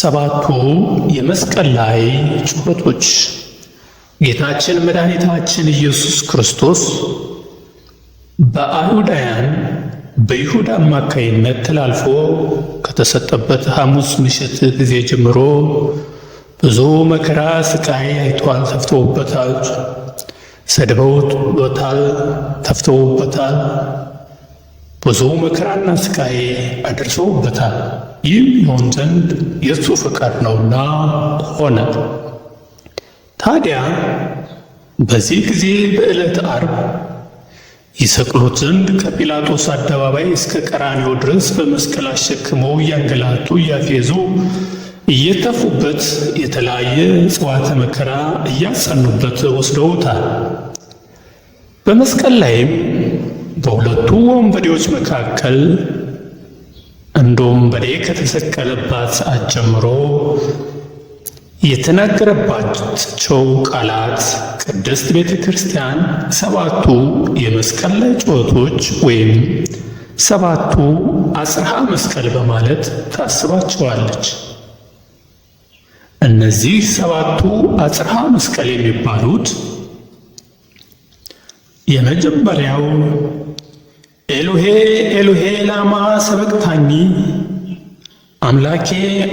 ሰባቱ የመስቀል ላይ ጩኸቶች ጌታችን መድኃኒታችን ኢየሱስ ክርስቶስ በአይሁዳውያን በይሁዳ አማካይነት ተላልፎ ከተሰጠበት ሐሙስ ምሽት ጊዜ ጀምሮ ብዙ መከራ ስቃይ አይቷል። ተፍተውበታል፣ ሰድበውታል፣ ተፍተውበታል። ብዙ መከራና ስቃይ አድርሰውበታል። ይህም ይሆን ዘንድ የእሱ ፍቃድ ነውና ሆነ። ታዲያ በዚህ ጊዜ በዕለት ዓርብ ይሰቅሉት ዘንድ ከጲላጦስ አደባባይ እስከ ቀራንዮ ድረስ በመስቀል አሸክመው እያንገላቱ እያፌዙ እየተፉበት የተለያየ ጽዋተ መከራ እያጸኑበት ወስደውታል። በመስቀል ላይም በሁለቱ ወንበዴዎች መካከል እንደ ወንበዴ ከተሰቀለባት ሰዓት ጀምሮ የተናገረባቸው ቃላት ቅድስት ቤተ ክርስቲያን ሰባቱ የመስቀል ላይ ጩኸቶች ወይም ሰባቱ አጽርሃ መስቀል በማለት ታስባቸዋለች። እነዚህ ሰባቱ አጽርሃ መስቀል የሚባሉት የመጀመሪያው ኤሎሄ ኤሎሄ ላማ ሰበቅታኒ አምላኬ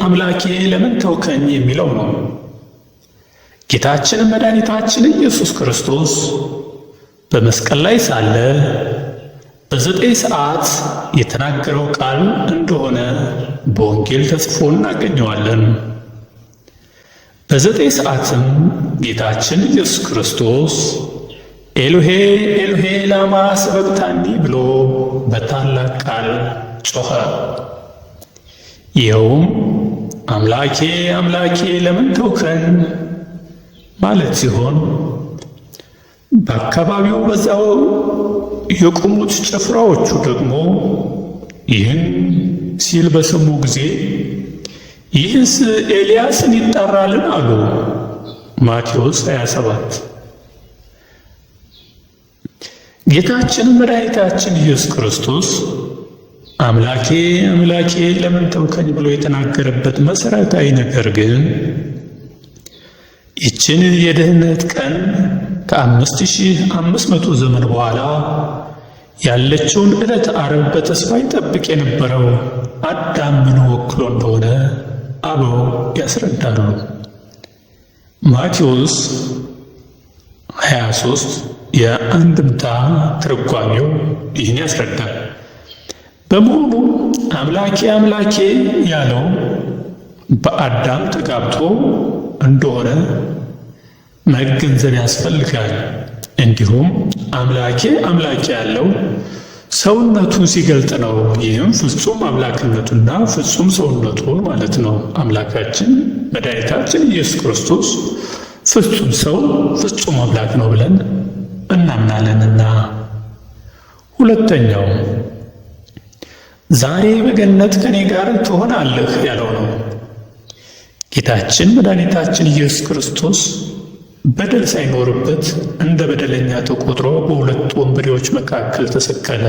አምላኬ ለምን ተውከኝ የሚለው ነው። ጌታችን መድኃኒታችን ኢየሱስ ክርስቶስ በመስቀል ላይ ሳለ በዘጠኝ ሰዓት የተናገረው ቃል እንደሆነ በወንጌል ተጽፎ እናገኘዋለን። በዘጠኝ ሰዓትም ጌታችን ኢየሱስ ክርስቶስ ኤሉሄ ኤሉሄ ላማ ሰበቅታኒ ብሎ በታላቅ ቃል ጮኸ። ይኸውም አምላኬ አምላኬ ለምን ተውከን ማለት ሲሆን በአካባቢው በዛው የቆሙት ጭፍራዎቹ ደግሞ ይህን ሲል በሰሙ ጊዜ ይህስ ኤልያስን ይጠራልን አሉ። ማቴዎስ 27 ጌታችን መድኃኒታችን ኢየሱስ ክርስቶስ አምላኬ አምላኬ ለምን ተውከኝ ብሎ የተናገረበት መሠረታዊ ነገር ግን ይችን የደህንነት ቀን ከአምስት ሺህ አምስት መቶ ዘመን በኋላ ያለችውን ዕለት ዓርብ በተስፋ ይጠብቅ የነበረው አዳም ምን ወክሎ እንደሆነ አበው ያስረዳሉ። ማቴዎስ 23 የአንድምታ ትርጓሜው ይህን ያስረዳል። በመሆኑ አምላኬ አምላኬ ያለው በአዳም ተጋብቶ እንደሆነ መገንዘብ ያስፈልጋል። እንዲሁም አምላኬ አምላኬ ያለው ሰውነቱን ሲገልጥ ነው። ይህም ፍጹም አምላክነቱና ፍጹም ሰውነቱን ማለት ነው። አምላካችን መድኃኒታችን ኢየሱስ ክርስቶስ ፍጹም ሰው፣ ፍጹም አምላክ ነው ብለን እናምናለንና። ሁለተኛው ዛሬ በገነት ከኔ ጋር ትሆናለህ ያለው ነው። ጌታችን መድኃኒታችን ኢየሱስ ክርስቶስ በደል ሳይኖርበት እንደ በደለኛ ተቆጥሮ በሁለት ወንበዴዎች መካከል ተሰቀለ።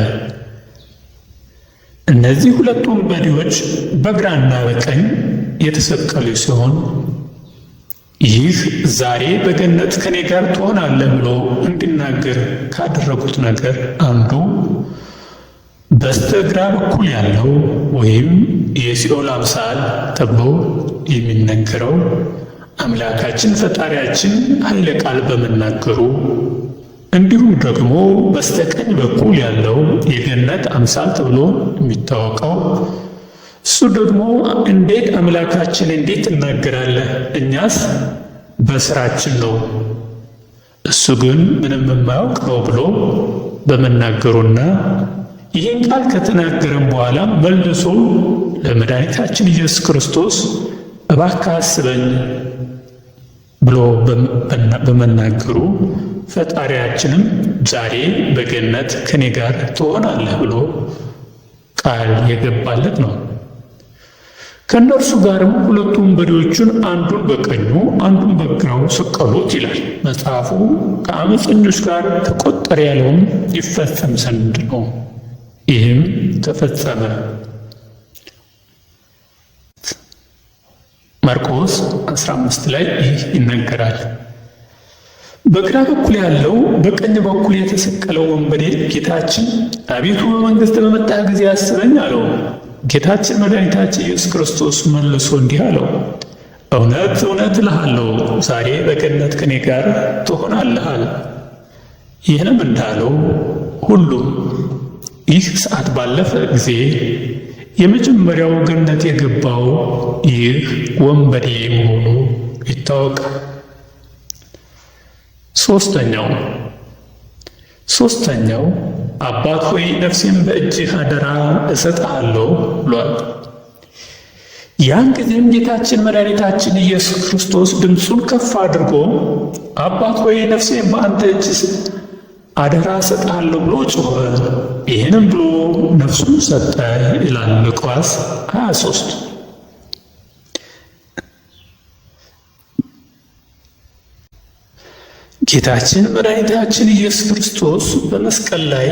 እነዚህ ሁለት ወንበዴዎች በግራና በቀኝ የተሰቀሉ ሲሆን ይህ ዛሬ በገነት ከኔ ጋር ትሆናለህ ብሎ እንዲናገር ካደረጉት ነገር አንዱ በስተግራ በኩል ያለው ወይም የሲኦል አምሳል ተብሎ የሚነገረው አምላካችን ፈጣሪያችን አለ ቃል በመናገሩ እንዲሁም ደግሞ በስተቀኝ በኩል ያለው የገነት አምሳል ተብሎ የሚታወቀው እሱ ደግሞ እንዴት አምላካችን እንዴት እናገራለን? እኛስ በስራችን ነው፣ እሱ ግን ምንም የማያውቅ ነው ብሎ በመናገሩና ይህን ቃል ከተናገረም በኋላ መልሶ ለመድኃኒታችን ኢየሱስ ክርስቶስ እባክህ አስበኝ ብሎ በመናገሩ ፈጣሪያችንም ዛሬ በገነት ከኔ ጋር ትሆናለህ ብሎ ቃል የገባለት ነው። ከእነርሱ ጋርም ሁለቱ ወንበዴዎቹን አንዱን በቀኙ አንዱን በግራው ሰቀሉት ይላል መጽሐፉ። ከአመፀኞች ጋር ተቆጠረ ያለውም ይፈጸም ዘንድ ነው። ይህም ተፈጸመ። ማርቆስ 15 ላይ ይህ ይነገራል። በግራ በኩል ያለው በቀኝ በኩል የተሰቀለው ወንበዴ ጌታችን አቤቱ በመንግሥት በመጣ ጊዜ አስበኝ አለው። ጌታችን መድኃኒታችን ኢየሱስ ክርስቶስ መልሶ እንዲህ አለው፣ እውነት እውነት እልሃለሁ ዛሬ በገነት ከእኔ ጋር ትሆናለህ ይህንም እንዳለው ሁሉም ይህ ሰዓት ባለፈ ጊዜ የመጀመሪያው ገነት የገባው ይህ ወንበዴ መሆኑ ይታወቃል። ሶስተኛው ሶስተኛው አባት ሆይ ነፍሴን በእጅህ አደራ እሰጥሃለሁ ብሏል። ያን ጊዜም ጌታችን መድኃኒታችን ኢየሱስ ክርስቶስ ድምፁን ከፍ አድርጎ አባት ሆይ ነፍሴን በአንተ እጅ አደራ እሰጥሃለሁ ብሎ ጮኸ። ይህንም ብሎ ነፍሱን ሰጠ ይላል ሉቃስ 23 ጌታችን መድኃኒታችን ኢየሱስ ክርስቶስ በመስቀል ላይ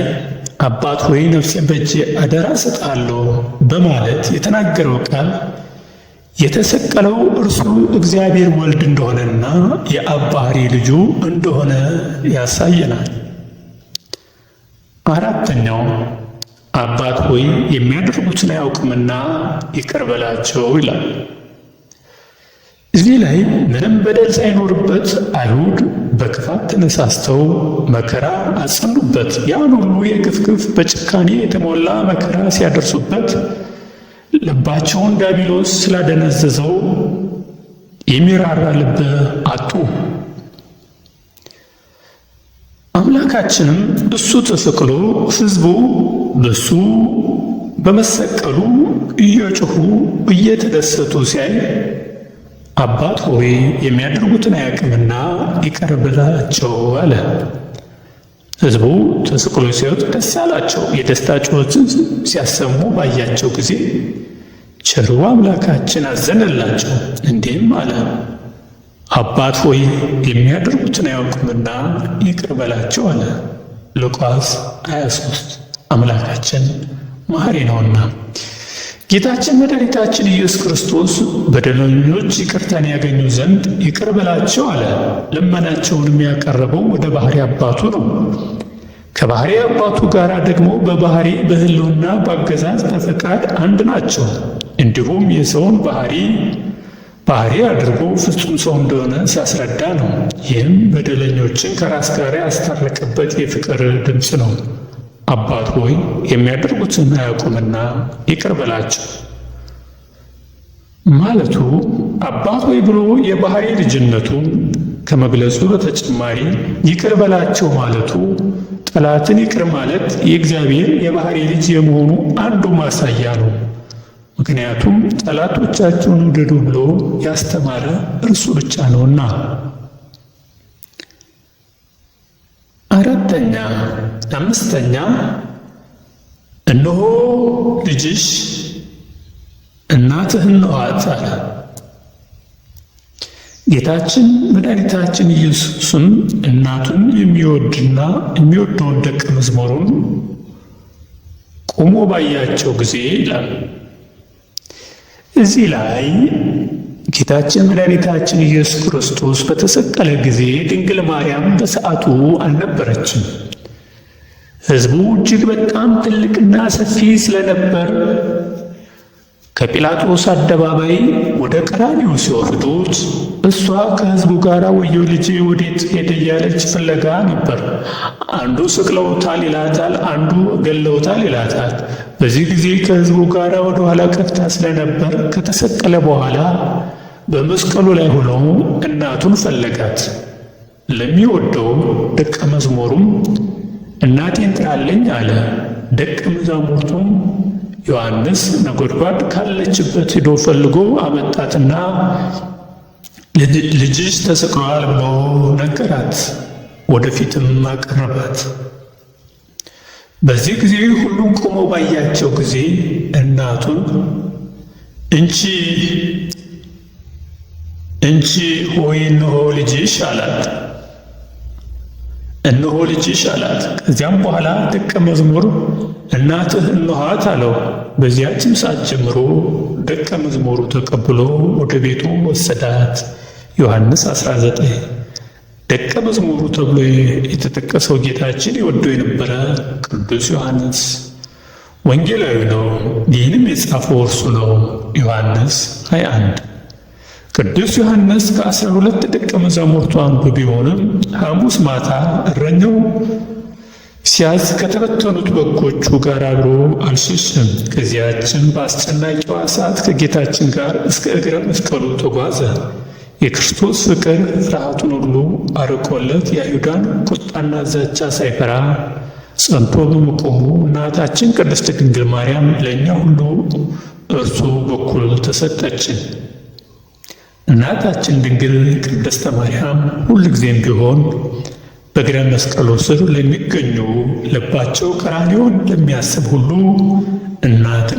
አባት ሆይ ነፍሴ በእጄ አደራ እሰጣለሁ በማለት የተናገረው ቃል የተሰቀለው እርሱ እግዚአብሔር ወልድ እንደሆነና የአብ ባሕሪ ልጁ እንደሆነ ያሳየናል። አራተኛው አባት ሆይ የሚያደርጉትን አያውቅምና ይቅር በላቸው ይላል። እዚህ ላይ ምንም በደል ሳይኖርበት አይሁድ በክፋት ተነሳስተው መከራ አጸኑበት። ያን ሁሉ የግፍግፍ በጭካኔ የተሞላ መከራ ሲያደርሱበት ልባቸውን ዳቢሎስ ስላደነዘዘው የሚራራ ልብ አጡ። አምላካችንም እሱ ተሰቅሎ ሕዝቡ በሱ በመሰቀሉ እየጮሁ እየተደሰቱ ሲያይ አባት ሆይ የሚያደርጉትን አያውቅምና ይቅር በላቸው አለ። ሕዝቡ ተስቅሎ ሲወጡ ደስ አላቸው። የደስታ ጩኸትን ሲያሰሙ ባያቸው ጊዜ ቸሩ አምላካችን አዘነላቸው፣ እንዲህም አለ አባት ሆይ የሚያደርጉትን አያውቅምና ይቅር በላቸው አለ። ሉቃስ 23 አምላካችን መሐሪ ነውና ጌታችን መድኃኒታችን ኢየሱስ ክርስቶስ በደለኞች ይቅርታን ያገኙ ዘንድ ይቅር በላቸው አለ። ልመናቸውንም ያቀረበው ወደ ባህሪ አባቱ ነው። ከባህሪ አባቱ ጋር ደግሞ በባህሪ በህልውና በአገዛዝ በፈቃድ አንድ ናቸው። እንዲሁም የሰውን ባህሪ ባህሪ አድርጎ ፍጹም ሰው እንደሆነ ሲያስረዳ ነው። ይህም በደለኞችን ከራስ ጋር ያስታረቀበት የፍቅር ድምፅ ነው። አባት ሆይ የሚያደርጉትን አያውቁምና ይቅር በላቸው ማለቱ አባት ሆይ ብሎ የባህሪ ልጅነቱን ከመግለጹ በተጨማሪ ይቅር በላቸው ማለቱ ጠላትን ይቅር ማለት የእግዚአብሔር የባህሪ ልጅ የመሆኑ አንዱ ማሳያ ነው። ምክንያቱም ጠላቶቻቸውን ውደዱ ብሎ ያስተማረ እርሱ ብቻ ነውና። አራተኛ አምስተኛ እነሆ ልጅሽ እናትህን ነዋት አለ። ጌታችን መድኃኒታችን ኢየሱስም እናቱን የሚወድና የሚወደውን ደቀ መዝሙሩን ቆሞ ባያቸው ጊዜ ይላል። እዚህ ላይ ጌታችን መድኃኒታችን ኢየሱስ ክርስቶስ በተሰቀለ ጊዜ ድንግል ማርያም በሰዓቱ አልነበረችም። ሕዝቡ እጅግ በጣም ትልቅና ሰፊ ስለነበር ከጲላጦስ አደባባይ ወደ ቀራኒው ሲወርዱት እሷ ከሕዝቡ ጋር ወዮ ልጄ ወዴት ሄደ እያለች ፍለጋ ነበር። አንዱ ስቅለውታል ይላታል፣ አንዱ ገለውታል ይላታል። በዚህ ጊዜ ከሕዝቡ ጋር ወደ ኋላ ቀፍታ ስለነበር ከተሰቀለ በኋላ በመስቀሉ ላይ ሆኖ እናቱን ፈለጋት። ለሚወደውም ደቀ መዝሙሩም እናቴን ጥራልኝ አለ። ደቀ መዛሙርቱም ዮሐንስ ነጎድጓድ ካለችበት ሂዶ ፈልጎ አመጣትና ልጅሽ ተሰቅሏል ብሎ ነገራት። ወደፊትም አቀረባት። በዚህ ጊዜ ሁሉም ቆሞ ባያቸው ጊዜ እናቱን እንቺ እንቺ ሆይ እነሆ ልጅሽ አላት። እነሆ ልጅሽ አላት። ከዚያም በኋላ ደቀ መዝሙር እናትህ እነኋት አለው። በዚያችም ሰዓት ጀምሮ ደቀ መዝሙሩ ተቀብሎ ወደ ቤቱ ወሰዳት። ዮሐንስ 19 ደቀ መዝሙሩ ተብሎ የተጠቀሰው ጌታችን የወደው የነበረ ቅዱስ ዮሐንስ ወንጌላዊ ነው። ይህንም የጻፈው እርሱ ነው። ዮሐንስ 21 ቅዱስ ዮሐንስ ከአስራ ሁለት ደቀ መዛሙርቱ አንዱ ቢሆንም ሐሙስ ማታ እረኛው ሲያዝ ከተበተኑት በጎቹ ጋር አብሮ አልሸሸም። ከዚያችን በአስጨናቂዋ ሰዓት ከጌታችን ጋር እስከ እግረ መስቀሉ ተጓዘ። የክርስቶስ ፍቅር ፍርሃቱን ሁሉ አርቆለት የአይሁዳን ቁጣና ዛቻ ሳይፈራ ጸንቶ በመቆሙ እናታችን ቅድስት ድንግል ማርያም ለእኛ ሁሉ እርሱ በኩል ተሰጠችን። እናታችን ድንግል ቅድስተ ማርያም ሁልጊዜም ቢሆን በእግረ መስቀሉ ስር ለሚገኙ ልባቸው ቀራንዮን ለሚያስብ ሁሉ እናት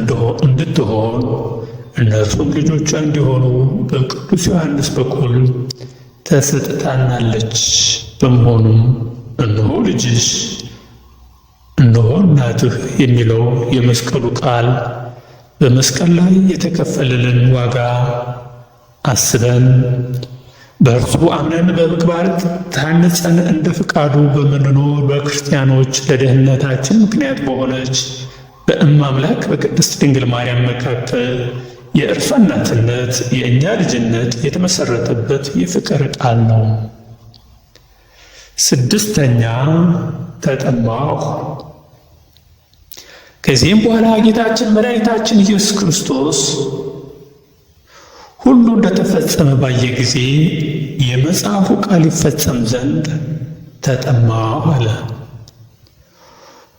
እንድትሆን እነርሱም ልጆቿ እንዲሆኑ በቅዱስ ዮሐንስ በኩል ተሰጥታናለች። በመሆኑም እነሆ ልጅሽ፣ እነሆ እናትህ የሚለው የመስቀሉ ቃል በመስቀል ላይ የተከፈለልን ዋጋ አስበን በእርሱ አምነን በምግባር ታንጸን እንደ ፍቃዱ በምንኖር በክርስቲያኖች ለደህንነታችን ምክንያት በሆነች በእመ አምላክ በቅድስት ድንግል ማርያም መካከል የእርሷ እናትነት የእኛ ልጅነት የተመሰረተበት የፍቅር ቃል ነው። ስድስተኛ ተጠማሁ። ከዚህም በኋላ ጌታችን መድኃኒታችን ኢየሱስ ክርስቶስ ሁሉ እንደተፈጸመ ባየ ጊዜ የመጽሐፉ ቃል ይፈጸም ዘንድ ተጠማ አለ።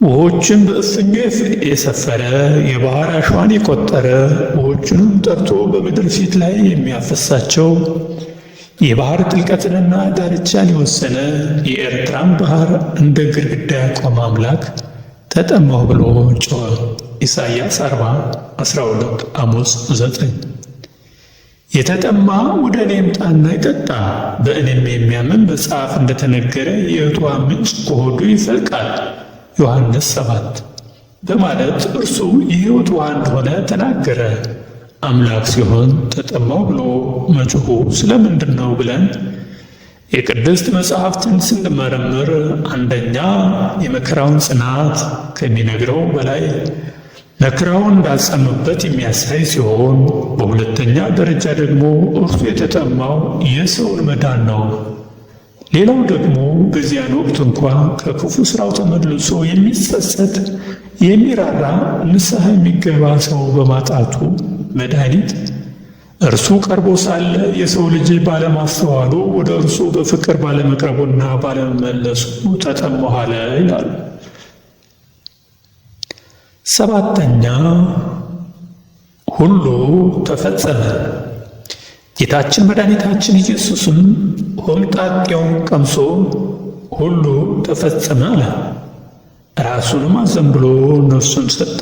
ውሆችን በእፍኙ የሰፈረ የባህር አሸዋን የቆጠረ ውሆችንም ጠርቶ በምድር ፊት ላይ የሚያፈሳቸው የባህር ጥልቀትንና ዳርቻን የወሰነ የኤርትራን ባህር እንደ ግድግዳ ያቆመ አምላክ ተጠማሁ ብሎ ጮኸ። ኢሳይያስ 40 12 አሞስ 9 የተጠማ ወደ እኔ ይምጣና ይጠጣ፣ በእኔም የሚያምን መጽሐፍ እንደተነገረ የሕይወት ምንጭ ከሆዱ ይፈልቃል ዮሐንስ 7 በማለት እርሱ የሕይወት ውሃ እንደሆነ ተናገረ። አምላክ ሲሆን ተጠማው ብሎ መጮሁ ስለምንድን ነው ብለን የቅድስት መጽሐፍትን ስንመረምር አንደኛ የመከራውን ጽናት ከሚነግረው በላይ መከራው እንዳጸኑበት የሚያሳይ ሲሆን በሁለተኛ ደረጃ ደግሞ እርሱ የተጠማው የሰውን መዳን ነው። ሌላው ደግሞ በዚያን ወቅት እንኳ ከክፉ ስራው ተመልሶ የሚጸጸት የሚራራ ንስሐ የሚገባ ሰው በማጣቱ መድኃኒት እርሱ ቀርቦ ሳለ የሰው ልጅ ባለማስተዋሉ ወደ እርሱ በፍቅር ባለመቅረቡና ባለመመለሱ ተጠመኋለ ይላሉ። ሰባተኛ ሁሉ ተፈጸመ። ጌታችን መድኃኒታችን ኢየሱስም ሆምጣጤውን ቀምሶ ሁሉ ተፈጸመ አለ። ራሱንም አዘንብሎ ነፍሱን ሰጠ።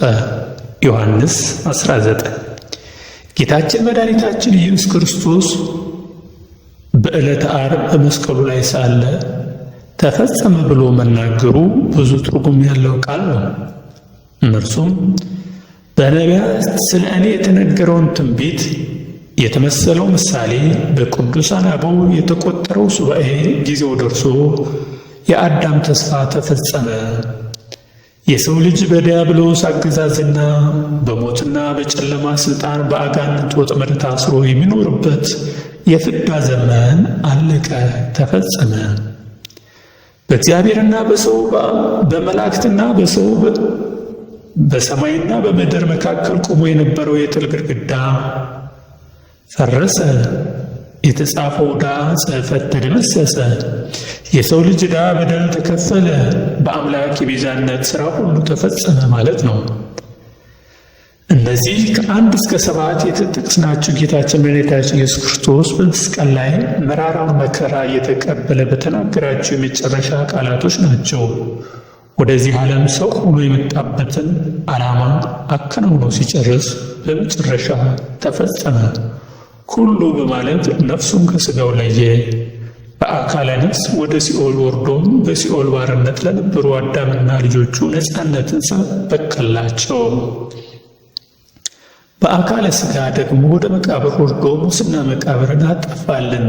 ዮሐንስ 19 ጌታችን መድኃኒታችን ኢየሱስ ክርስቶስ በዕለተ ዓርብ በመስቀሉ ላይ ሳለ ተፈጸመ ብሎ መናገሩ ብዙ ትርጉም ያለው ቃል ነው። እነርሱም በነቢያት ስለ እኔ የተነገረውን ትንቢት የተመሰለው ምሳሌ በቅዱሳን አበው የተቆጠረው ሱባኤ ጊዜው ደርሶ የአዳም ተስፋ ተፈጸመ። የሰው ልጅ በዲያብሎስ አገዛዝና በሞትና በጨለማ ስልጣን በአጋንንት ወጥመድ ታስሮ የሚኖርበት የፍዳ ዘመን አለቀ፣ ተፈጸመ። በእግዚአብሔርና በሰው በመላእክትና በሰው በሰማይና በምድር መካከል ቆሞ የነበረው የጥል ግድግዳ ፈረሰ። የተጻፈው ዕዳ ጽሕፈት ተደመሰሰ። የሰው ልጅ ዕዳ በደል ተከፈለ። በአምላክ የቤዛነት ሥራ ሁሉ ተፈጸመ ማለት ነው። እነዚህ ከአንድ እስከ ሰባት የተጠቀስናቸው ጌታችን መድኃኒታችን ኢየሱስ ክርስቶስ በመስቀል ላይ መራራውን መከራ እየተቀበለ በተናገራቸው የመጨረሻ ቃላቶች ናቸው። ወደዚህ ዓለም ሰው ሆኖ የመጣበትን ዓላማ አከናውኖ ሲጨርስ በመጨረሻ ተፈጸመ ሁሉ በማለት ነፍሱን ከሥጋው ለየ። በአካለ ነፍስ ወደ ሲኦል ወርዶም በሲኦል ባርነት ለነበሩ አዳምና ልጆቹ ነፃነትን ሰበከላቸው። በአካለ ሥጋ ደግሞ ወደ መቃብር ወርዶ ሙስና መቃብርን አጠፋልን።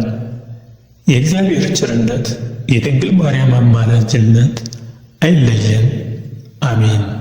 የእግዚአብሔር ቸርነት፣ የድንግል ማርያም አማላጅነት elleyin. Amin.